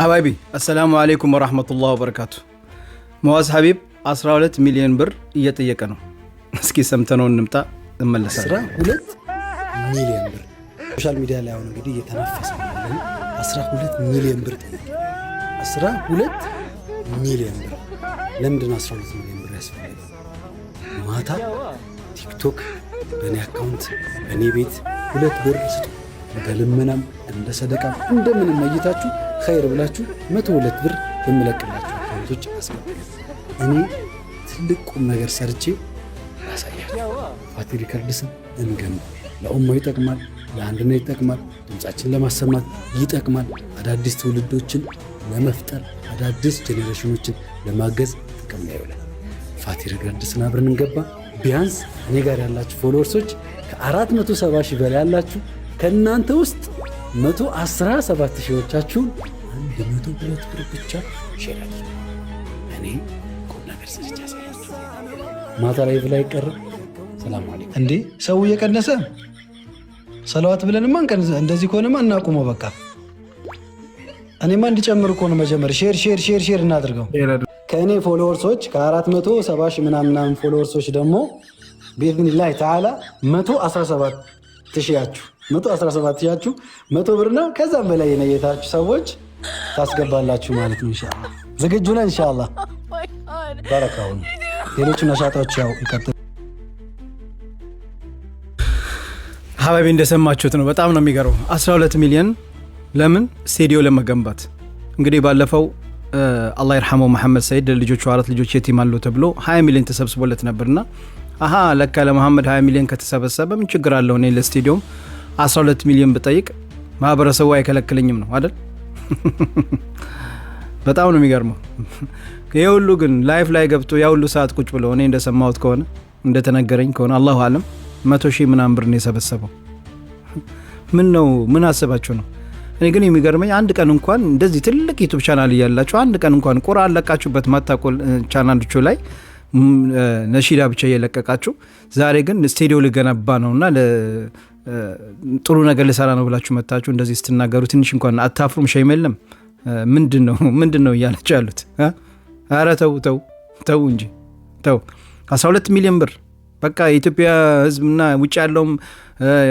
ሐባይቢ አሰላሙ አሌይኩም ወራህመቱላህ ወበረካቱ። መዋዝ ሀቢብ 12 ሚሊዮን ብር እየጠየቀ ነው። እስኪ ሰምተነው እንምጣ። እመለሳለሁ። 12 ሚሊዮን ብር ሶሻል ሚዲያ ላይ አሁን እንግዲህ እየተናፈሰ ነው። 12 ሚሊዮን ብር ጠየቀ። 12 ሚሊዮን ብር ለምንድን 12 ሚሊዮን ብር ያስፈልጋል? ማታ ቲክቶክ በእኔ አካውንት በእኔ ቤት ሁለት ብር ስጡ በልመናም እንደ ሰደቃም እንደምንም መይታችሁ ኸይር ብላችሁ መቶ ሁለት ብር የምለቅላችሁ አካውንቶች አስገቡ። እኔ ትልቅ ቁም ነገር ሰርቼ አሳያለሁ። ፋቲ ሪከርድስን እንገንባ። ለኡማ ይጠቅማል፣ ለአንድነት ይጠቅማል፣ ድምፃችን ለማሰማት ይጠቅማል፣ አዳዲስ ትውልዶችን ለመፍጠር አዳዲስ ጄኔሬሽኖችን ለማገዝ ጥቅም ላይ ይውላል። ፋቲ ሪከርድስን አብረን እንገባ። ቢያንስ እኔ ጋር ያላችሁ ፎሎወርሶች ከአራት መቶ ሰባ ሺህ በላይ ያላችሁ ከእናንተ ውስጥ መቶ አስራ ሰባት ሺዎቻችሁን አንድ መቶ 102 ብር ብቻ ሼር እኔ ቁም ነገር ስልቻ ማታ ላይ ብላ ይቀር ሰላም አለይኩም። እንዴ ሰው እየቀነሰ ሰለዋት ብለንማ እንቀንዘ እንደዚህ ከሆነማ እናቁመው በቃ። እኔማ እንዲጨምር ከሆነ መጀመር ሼር ሼር ሼር ሼር እናድርገው። ከእኔ ፎሎወርሶች ከ470 ሺህ ምናምናም ፎሎወርሶች ደግሞ ቢዝኒ ላይ ተዓላ 117 ሺያችሁ መቶ አስራ ሰባት ያችሁ መቶ ብርና ከዛም በላይ የነየታችሁ ሰዎች ታስገባላችሁ ማለት ነው። እንሻላ ዝግጁ ነን። እንሻላ ባረካሁን። ሌሎቹ ነሻጣዎች ያው ይቀጥ ሀባቢ እንደሰማችሁት ነው። በጣም ነው የሚገርመው። 12 ሚሊዮን ለምን ስቴዲዮ ለመገንባት እንግዲህ ባለፈው አላህ ይርሐመው መሐመድ ሰይድ ለልጆቹ አራት ልጆች የቲም አለው ተብሎ 20 ሚሊዮን ተሰብስቦለት ነበርና አሀ ለካ ለመሐመድ 20 ሚሊዮን ከተሰበሰበ ምን ችግር አለው እኔ ለስቴዲዮም 12 ሚሊዮን ብጠይቅ ማህበረሰቡ አይከለክለኝም ነው አይደል? በጣም ነው የሚገርመው። ይህ ሁሉ ግን ላይፍ ላይ ገብቶ ያ ሁሉ ሰዓት ቁጭ ብሎ እኔ እንደሰማሁት ከሆነ እንደተነገረኝ ከሆነ አላሁ አለም መቶ ሺህ ምናምን ብር ነው የሰበሰበው። ምን ነው ምን አስባችሁ ነው? እኔ ግን የሚገርመኝ አንድ ቀን እንኳን እንደዚህ ትልቅ ዩቱብ ቻናል እያላችሁ አንድ ቀን እንኳን ቁርአን ለቃችሁበት ማታቆ ቻናሎቹ ላይ ነሺዳ ብቻ እየለቀቃችሁ ዛሬ ግን ስቴዲዮ ልገነባ ነውና ጥሩ ነገር ልሰራ ነው ብላችሁ መታችሁ እንደዚህ ስትናገሩ ትንሽ እንኳን አታፍሩም? ሸይም የለም። ምንድን ነው ምንድን ነው እያለች ያሉት? አረ ተው ተው ተው እንጂ ተው። 12 ሚሊዮን ብር በቃ የኢትዮጵያ ህዝብና ውጭ ያለውም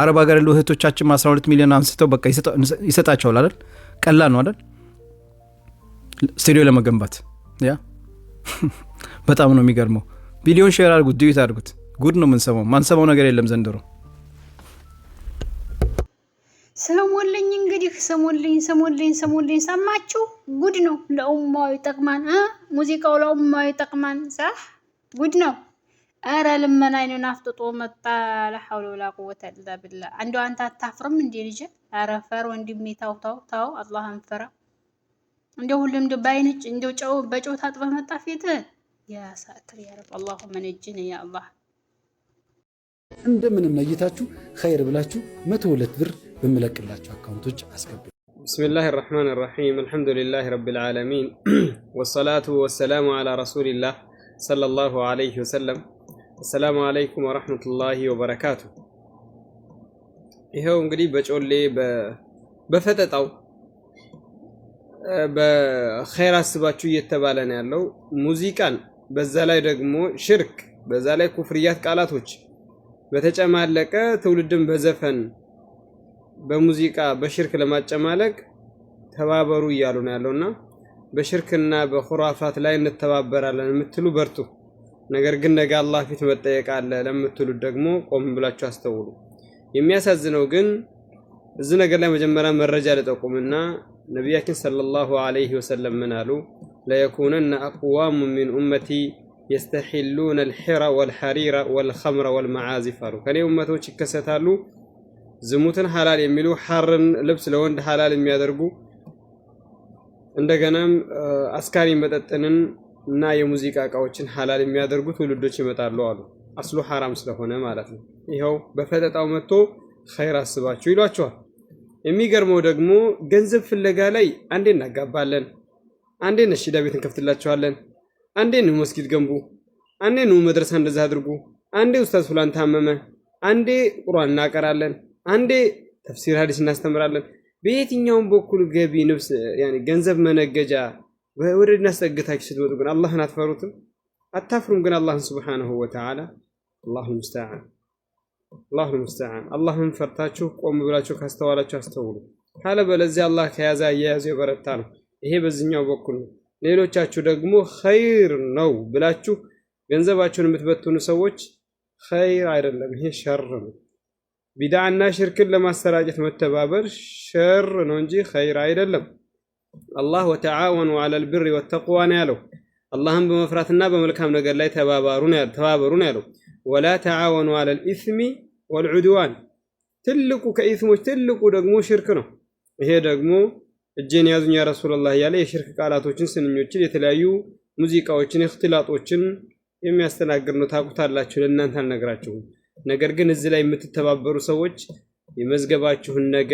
አረብ ሀገር ያሉ እህቶቻችን 12 ሚሊዮን አንስተው በቃ ይሰጣቸዋል አይደል? ቀላል ነው አይደል? ስቱዲዮ ለመገንባት ያ በጣም ነው የሚገርመው። ቢሊዮን ሼር አድርጉት፣ ድዩት አድርጉት። ጉድ ነው የምንሰማው። ማንሰማው ነገር የለም ዘንድሮ። ስሙልኝ እንግዲህ ስሙልኝ ስሙልኝ ስሙልኝ፣ ሰማችሁ? ጉድ ነው። ለኡማው ይጠቅማን ሙዚቃው፣ ለኡማው ይጠቅማን ሳ ጉድ ነው። አረ ልመና አይኑን አፍጥጦ መጣ። ለሐውለ ወላ ቁወተ ኢላ ቢላ። አንዱ አንተ አታፍርም እንዴ ልጅ? አረ ፈር ወንድሜ፣ ታው ታው ታው፣ አላህን ፍራ። እንደው ሁሉም እንደው ባይነጭ እንደው ጨው በጨው ታጥበ መጣ ፊት። ያ ሳትር ያ ረብ አላሁ መነጅን ያ አላህ። እንደምንም ነይታችሁ ኸይር ብላችሁ መቶ ሁለት ብር በምለቅላቸው አካውንቶች አስገቡ። ብስሚላህ ራህማን ራሒም አልሐምዱሊላህ ረቢል ዓለሚን ወሰላቱ ወሰላሙ ዓላ ረሱሊላህ ሰለላሁ ዓለይሂ ወሰለም። አሰላሙ ዓለይኩም ወረሕመቱላሂ ወበረካቱ። ይኸው እንግዲህ በጮሌ በፈጠጣው በኸይር አስባችሁ እየተባለ ነው ያለው ሙዚቃን፣ በዛ ላይ ደግሞ ሽርክ፣ በዛ ላይ ኩፍርያት ቃላቶች በተጨማለቀ ትውልድን በዘፈን በሙዚቃ በሽርክ ለማጨማለቅ ተባበሩ እያሉ ነው ያለው እና በሽርክና በኹራፋት ላይ እንተባበራለን የምትሉ በርቱ። ነገር ግን ነገ አላህ ፊት መጠየቅ አለ ለምትሉ ደግሞ ቆም ብላችሁ አስተውሉ። የሚያሳዝነው ግን እዚህ ነገር ላይ መጀመሪያ መረጃ ልጠቁምና ነቢያችን ሰለላሁ ዐለይሂ ወሰለም ምን አሉ? ለየኩነነ አቅዋሙ ሚን ኡመቲ የስተሒሉነ አልሒራ ወልሐሪራ ወልኸምረ ወልመዓዚፍ አሉ። ከኔ ኡመቶች ይከሰታሉ ዝሙትን ሐላል የሚሉ ሐርን ልብስ ለወንድ ሐላል የሚያደርጉ እንደገናም አስካሪ መጠጥንን እና የሙዚቃ እቃዎችን ሐላል የሚያደርጉ ትውልዶች ይመጣሉ አሉ። አስሉ ሐራም ስለሆነ ማለት ነው። ይኸው በፈጠጣው መጥቶ ኸይር አስባችሁ ይሏቸዋል። የሚገርመው ደግሞ ገንዘብ ፍለጋ ላይ አንዴ እናጋባለን፣ አንዴ ነሽዳ ቤት እንከፍትላቸዋለን፣ አንዴ ኑ መስጊድ ገንቡ፣ አንዴ ኑ መድረሳ እንደዛ አድርጉ፣ አንዴ ኡስታዝ ፉላን ታመመ፣ አንዴ ቁርአን እናቀራለን አንዴ ተፍሲር ሀዲስ እናስተምራለን። በየትኛውም በኩል ገቢ ንብስ ገንዘብ መነገጃ ወደ እናስጠግታችሁ ስትመጡ ግን አላህን አትፈሩትም? አታፍሩም? ግን አላህን ስብሓነሁ ወተዓላ አላሁ ሙስተዓን አላሁ ሙስተዓን። አላህን ፈርታችሁ ቆም ብላችሁ ካስተዋላችሁ አስተውሉ። ካለበለዚያ አላህ ከያዘ አያያዙ የበረታ ነው። ይሄ በዚህኛው በኩል ነው። ሌሎቻችሁ ደግሞ ኸይር ነው ብላችሁ ገንዘባችሁን የምትበትኑ ሰዎች ኸይር አይደለም፣ ይሄ ሸር ነው። ቢድዓና ሽርክን ለማሰራጨት መተባበር ሸር ነው እንጂ ኸይር አይደለም። አላህ ወተዓወኑ ዐለል ብር ወተቅዋ ነው ያለው። አላህን በመፍራትና በመልካም ነገር ላይ ተባበሩ ነው ያለው። ወላ ተዓወኑ ዐለል ኢስሚ ወልዑድዋን። ትልቁ ከኢስሞች ትልቁ ደግሞ ሽርክ ነው። ይሄ ደግሞ እጄን ያዙኝ ያ ረሱለላህ እያለ የሽርክ ቃላቶችን፣ ስንኞችን፣ የተለያዩ ሙዚቃዎችን፣ እኽትላጦችን የሚያስተናግድ ነው። ታውቁታላችሁ። ለእናንተ አልነግራችሁም። ነገር ግን እዚህ ላይ የምትተባበሩ ሰዎች የመዝገባችሁን ነገ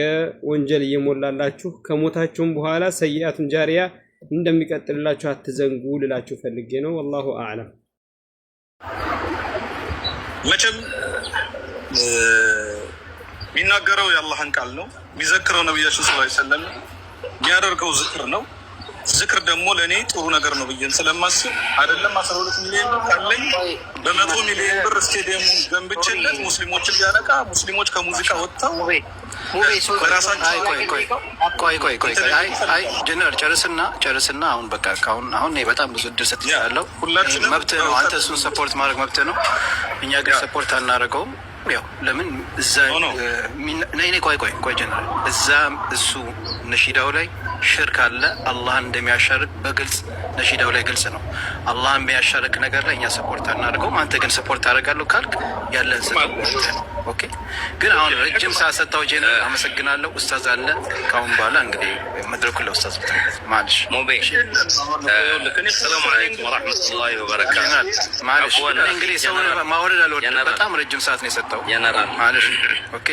ወንጀል እየሞላላችሁ ከሞታችሁም በኋላ ሰይአቱን ጃሪያ እንደሚቀጥልላችሁ አትዘንጉ ልላችሁ ፈልጌ ነው። ወላሁ አዕለም። መቼም የሚናገረው የአላህን ቃል ነው። የሚዘክረው ነቢያችን ስላ ሰለም የሚያደርገው ዝክር ነው። ዝክር ደግሞ ለእኔ ጥሩ ነገር ነው ብዬን ስለማስብ አይደለም አስራ ሁለት ሚሊዮን ብር ካለኝ በመቶ ሚሊዮን ብር ስቴዲየሙ ገንብችለት ሙስሊሞችን ሊያነቃ ሙስሊሞች ከሙዚቃ ወጥተው ጀነራል ጨርስና ጨርስና አሁን በቃ አሁን አሁን በጣም ብዙ እድል ሰጥቻለሁ። ሁላችንም መብትህ ነው። አንተ እሱን ሰፖርት ማድረግ መብት ነው። እኛ ግን ሰፖርት አናደርገውም። ያው ለምን እዛ ነይ ነይ ቆይ ቆይ ቆይ ጀነራል እዛ እሱ ነሺዳው ላይ ሽርክ አለ። አላህ እንደሚያሻርክ በግልጽ ነሺዳው ላይ ግልጽ ነው። አላህ የሚያሻርክ ነገር ላይ እኛ ሰፖርት አናደርገውም። አንተ ግን ሰፖርት አደርጋለሁ ካልክ ያለን ኦኬ። ግን አሁን ረጅም ሰዓት ጀነ አመሰግናለሁ። ኡስታዝ አለ። ካሁን በኋላ እንግዲህ መድረኩ ለኡስታዝ ማለሽ እንግዲህ ሰው ማውረድ አልወድም። በጣም ረጅም ሰዓት ነው የሰጠው። ኦኬ።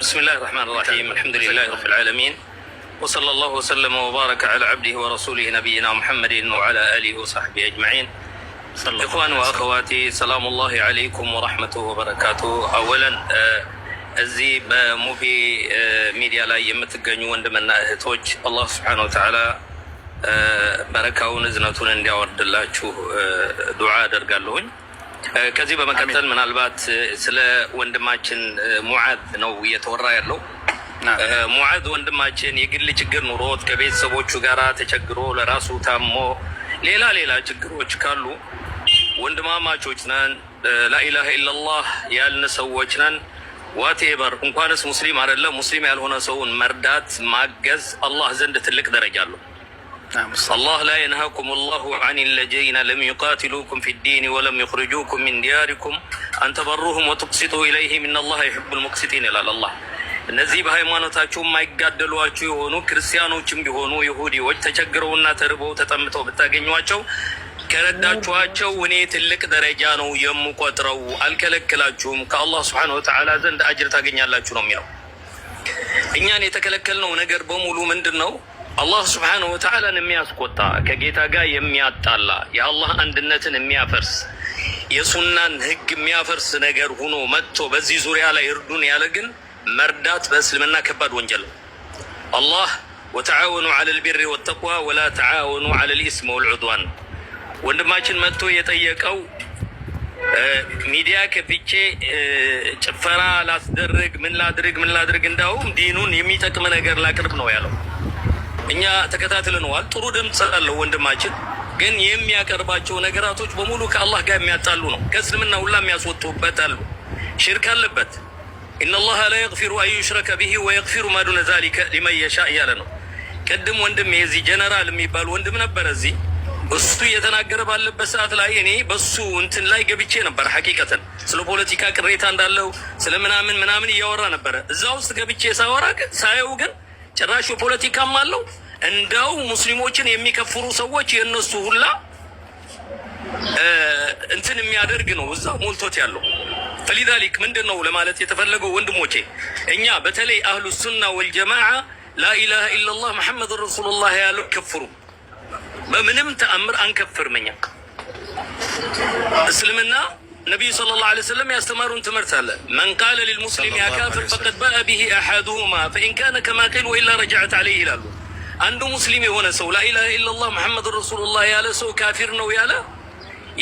ብስሚላህ ረህማን ረሂም አልሐምዱሊላህ ረቢል ዓለሚን وصلى الله وسلم وبارك على عبده ورسوله نبينا محمد وعلى آله وصحبه أجمعين إخوان وأخواتي سلام الله عليكم ورحمته وبركاته أولا እዚህ በሙቪ ሚዲያ ላይ የምትገኙ ወንድምና እህቶች አላህ ስብሐነ ወተዓላ በረካውን እዝነቱን እንዲያወርድላችሁ ዱዓ አደርጋለሁኝ። ከዚህ በመቀጠል ምናልባት ስለ ወንድማችን ሙዓዝ ነው እየተወራ ያለው። ሙዓዝ ወንድማችን የግል ችግር ኑሮት ከቤተሰቦቹ ጋር ተቸግሮ ለራሱ ታሞ ሌላ ሌላ ችግሮች ካሉ ወንድማማቾች ነን፣ ላኢላሃ ኢለላህ ያልን ሰዎች ነን። ዋቴበር እንኳንስ ሙስሊም አይደለም ሙስሊም ያልሆነ ሰውን መርዳት ማገዝ አላህ ዘንድ ትልቅ ደረጃ አለው። አላህ ላ የንሃኩም ላሁ አን ለዚነ ለም ዩቃትሉኩም ፊ ዲን ወለም ዩኽርጁኩም ሚን ዲያሪኩም አንተበሩሁም ወትቅሲጡ ኢለይህም ኢነላሃ ዩሒቡል ሙቅሲጢን ይላል አላህ እነዚህ በሃይማኖታቸው የማይጋደሏቸው የሆኑ ክርስቲያኖችም ቢሆኑ ይሁዲዎች ተቸግረውና ተርበው ተጠምተው ብታገኟቸው ከረዳችኋቸው እኔ ትልቅ ደረጃ ነው የምቆጥረው፣ አልከለክላችሁም፣ ከአላህ ስብሐነ ወተዓላ ዘንድ አጅር ታገኛላችሁ ነው የሚለው። እኛን የተከለከልነው ነገር በሙሉ ምንድን ነው? አላህ ስብሐነ ወተዓላን የሚያስቆጣ ከጌታ ጋር የሚያጣላ የአላህ አንድነትን የሚያፈርስ የሱናን ህግ የሚያፈርስ ነገር ሆኖ መጥቶ በዚህ ዙሪያ ላይ እርዱን ያለ ግን መርዳት በእስልምና ከባድ ወንጀል ነው። አላህ ወተዓወኑ አለል ቢሪ ወተቅዋ ወላ ተዓወኑ አለል ኢስም ወልዑድዋን ወንድማችን መጥቶ የጠየቀው ሚዲያ ከፍቼ ጭፈራ ላስደርግ፣ ምን ላድርግ፣ ምን ላድርግ፣ እንዳውም ዲኑን የሚጠቅም ነገር ላቅርብ ነው ያለው። እኛ ተከታትለነዋል። ጥሩ ድምፅ አለው ወንድማችን ግን የሚያቀርባቸው ነገራቶች በሙሉ ከአላህ ጋር የሚያጣሉ ነው። ከእስልምና ሁላ የሚያስወጡበት አሉ። ሽርክ አለበት። ኢነላሃ ላ የግፊሩ አን ዩሽረከ ቢሂ ወየግፊሩ ማዱነ ዛሊከ ሊመን የሻ እያለ ነው። ቅድም ወንድም የዚህ ጀነራል የሚባል ወንድም ነበረ እዚህ እሱ እየተናገረ ባለበት ሰዓት ላይ እኔ በሱ እንትን ላይ ገብቼ ነበር። ሐቂቀትን ስለ ፖለቲካ ቅሬታ እንዳለው ስለ ምናምን ምናምን እያወራ ነበረ። እዛ ውስጥ ገብቼ ሳወራ ሳየው ግን ጭራሽ ፖለቲካም አለው እንደው ሙስሊሞችን የሚከፍሩ ሰዎች የእነሱ ሁላ እንትን የሚያደርግ ነው እዛ ሞልቶት ያለው ፈሊዛሊክ ምንድን ነው ለማለት የተፈለገው ወንድሞቼ፣ እኛ በተለይ አህሉ ሱና ወልጀማዓ ላኢላሃ ኢላላህ መሐመድ ረሱሉላህ ያሉ ከፍሩ በምንም ተአምር አንከፍርም። እኛ እስልምና ነቢዩ ሰለላሁ ዐለይሂ ወሰለም ያስተማሩን ትምህርት አለ። መን ቃለ ልልሙስሊም ያካፍር ካፍር ፈቀድ ባአ ብሂ አሓዱሁማ ፈኢን ካነ ከማ ቂል ወኢላ ረጃዐት ዐለይህ ይላሉ። አንዱ ሙስሊም የሆነ ሰው ላኢላሃ ኢላላህ መሐመድ ረሱሉላህ ያለ ሰው ካፊር ነው ያለ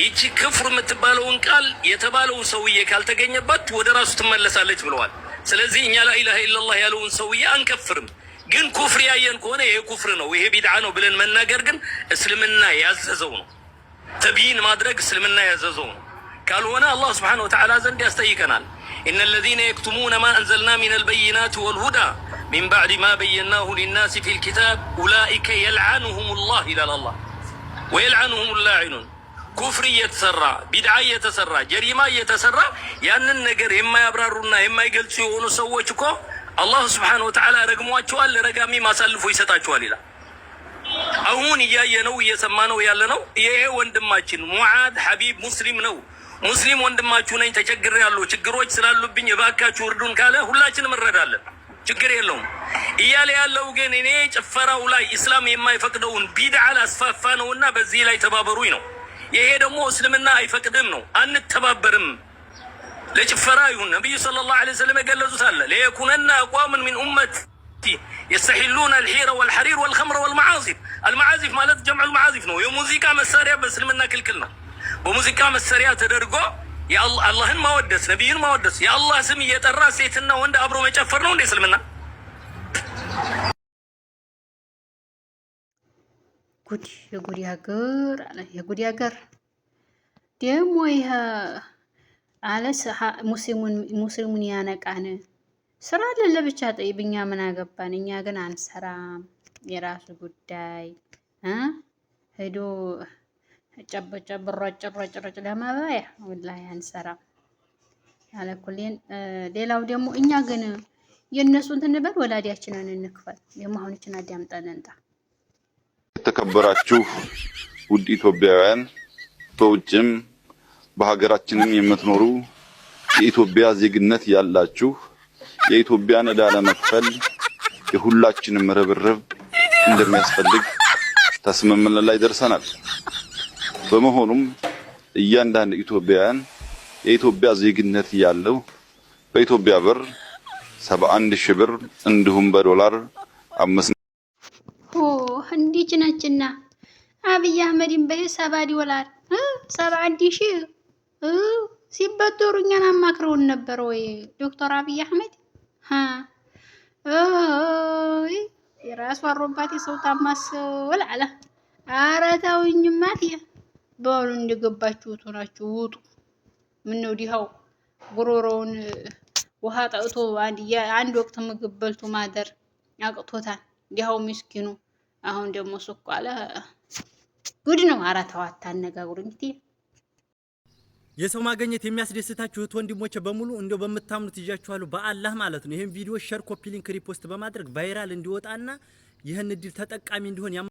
ይቺ ክፍር የምትባለውን ቃል የተባለውን ሰውዬ ካልተገኘበት ወደ ራሱ ትመለሳለች ብለዋል። ስለዚህ እኛ ላኢላሃ ኢለላህ ያለውን ሰውዬ አንከፍርም። ግን ኩፍር ያየን ከሆነ ይሄ ኩፍር ነው፣ ይሄ ቢድዓ ነው ብለን መናገር ግን እስልምና ያዘዘው ነው። ተብይን ማድረግ እስልምና ያዘዘው ነው። ካልሆነ አላህ ስብሓነሁ ወተዓላ ዘንድ ያስጠይቀናል። ኢነ ለዚነ የክቱሙነ ማ አንዘልና ሚን አልበይናት ወልሁዳ ሚን ባዕድ ማ በየናሁ ሊናሲ ፊልኪታብ ኡላኢከ የልዓንሁም ላህ ይላል አላህ ወየልዓንሁም ላዒኑን ኩፍር እየተሰራ ቢድዓ እየተሰራ ጀሪማ እየተሰራ ያንን ነገር የማያብራሩና የማይገልጹ የሆኑ ሰዎች እኮ አላህ ስብሓነሁ ወተዓላ ረግሟቸዋል፣ ለረጋሚ አሳልፎ ይሰጣቸዋል ይላል። አሁን እየሰማ እየሰማነው ያለ ነው። ይሄ ወንድማችን ሙዓድ ሐቢብ ሙስሊም ነው። ሙስሊም ወንድማችሁ ነኝ፣ ተቸግሬያለሁ፣ ችግሮች ስላሉብኝ እባካችሁ እርዱን ካለ ሁላችንም እንረዳለን። ችግር የለውም እያለ ያለው ግን እኔ ጭፈራው ላይ ኢስላም የማይፈቅደውን ቢድዓ ላስፋፋ ነውና በዚህ ላይ ተባበሩኝ ነው። ይሄ ደግሞ እስልምና አይፈቅድም ነው። አንተባበርም። ለጭፈራ ይሁን ነቢዩ ሰለላሁ ዐለይሂ ወሰለም የገለጹት አለ ለየኩነና አቋምን ሚን ኡመት የስተሒሉን አልሒረ ወልሐሪር ወልኸምረ ወልመዓዚፍ። አልመዓዚፍ ማለት ጀምዑል መዓዚፍ ነው። የሙዚቃ መሳሪያ በእስልምና ክልክል ነው። በሙዚቃ መሳሪያ ተደርጎ አላህን ማወደስ ነቢዩን ማወደስ የአላህ ስም እየጠራ ሴትና ወንድ አብሮ መጨፈር ነው እንደ እስልምና ጉድ የጉድ ሀገር አለ የጉድ ሀገር ደግሞ ይህ አለስ ሙስሊሙን ያነቃን ስራ አለን ለብቻ ጠይብ እኛ ምን አገባን እኛ ግን አንሰራም የራሱ ጉዳይ ሄዶ ጨብጨብሯጭሯጭሮጭ ለመባያ ወላሂ አንሰራም አለኩሌን ሌላው ደግሞ እኛ ግን የእነሱን ትንበል ወላዲያችንን እንክፈል የማሆንችን አዳምጠን እንጣ የተከበራችሁ ውድ ኢትዮጵያውያን በውጭም በሀገራችንም የምትኖሩ የኢትዮጵያ ዜግነት ያላችሁ የኢትዮጵያን ዕዳ ለመክፈል የሁላችንም ርብርብ እንደሚያስፈልግ ተስምምን ላይ ደርሰናል። በመሆኑም እያንዳንድ ኢትዮጵያውያን የኢትዮጵያ ዜግነት ያለው በኢትዮጵያ ብር 71 ሺህ ብር እንዲሁም በዶላር ልጅ ነችና አብይ አህመድን በይ ሰባ ዶላር ሰባ አንድ ሺ ሲበደሩ እኛን አማክረውን ነበር ወይ ዶክተር አብይ አህመድ? የራሱ አሮባት የሰው ታማስ ወላለ አረታውኝ ማት ትዬ እንደገባችሁ እንደገባችሁት ሆናችሁ ውጡ። ምነው ዲኸው ጉሮሮውን ውሃ ጠጥቶ አንድ ወቅት ምግብ በልቶ ማደር አቅቶታል። ዲኸው ምስኪኑ አሁን ደግሞ አለ። ጉድ ነው። ኧረ ተው እንግዲህ የሰው ማገኘት የሚያስደስታችሁ እህት ወንድሞቼ በሙሉ እንደው በምታምኑት ይዣችኋለሁ፣ በአላህ ማለት ነው። ይህን ቪዲዮ ሸር፣ ኮፒ፣ ሊንክ፣ ሪፖስት በማድረግ ቫይራል እንዲወጣና ይህን እድል ተጠቃሚ እንዲሆን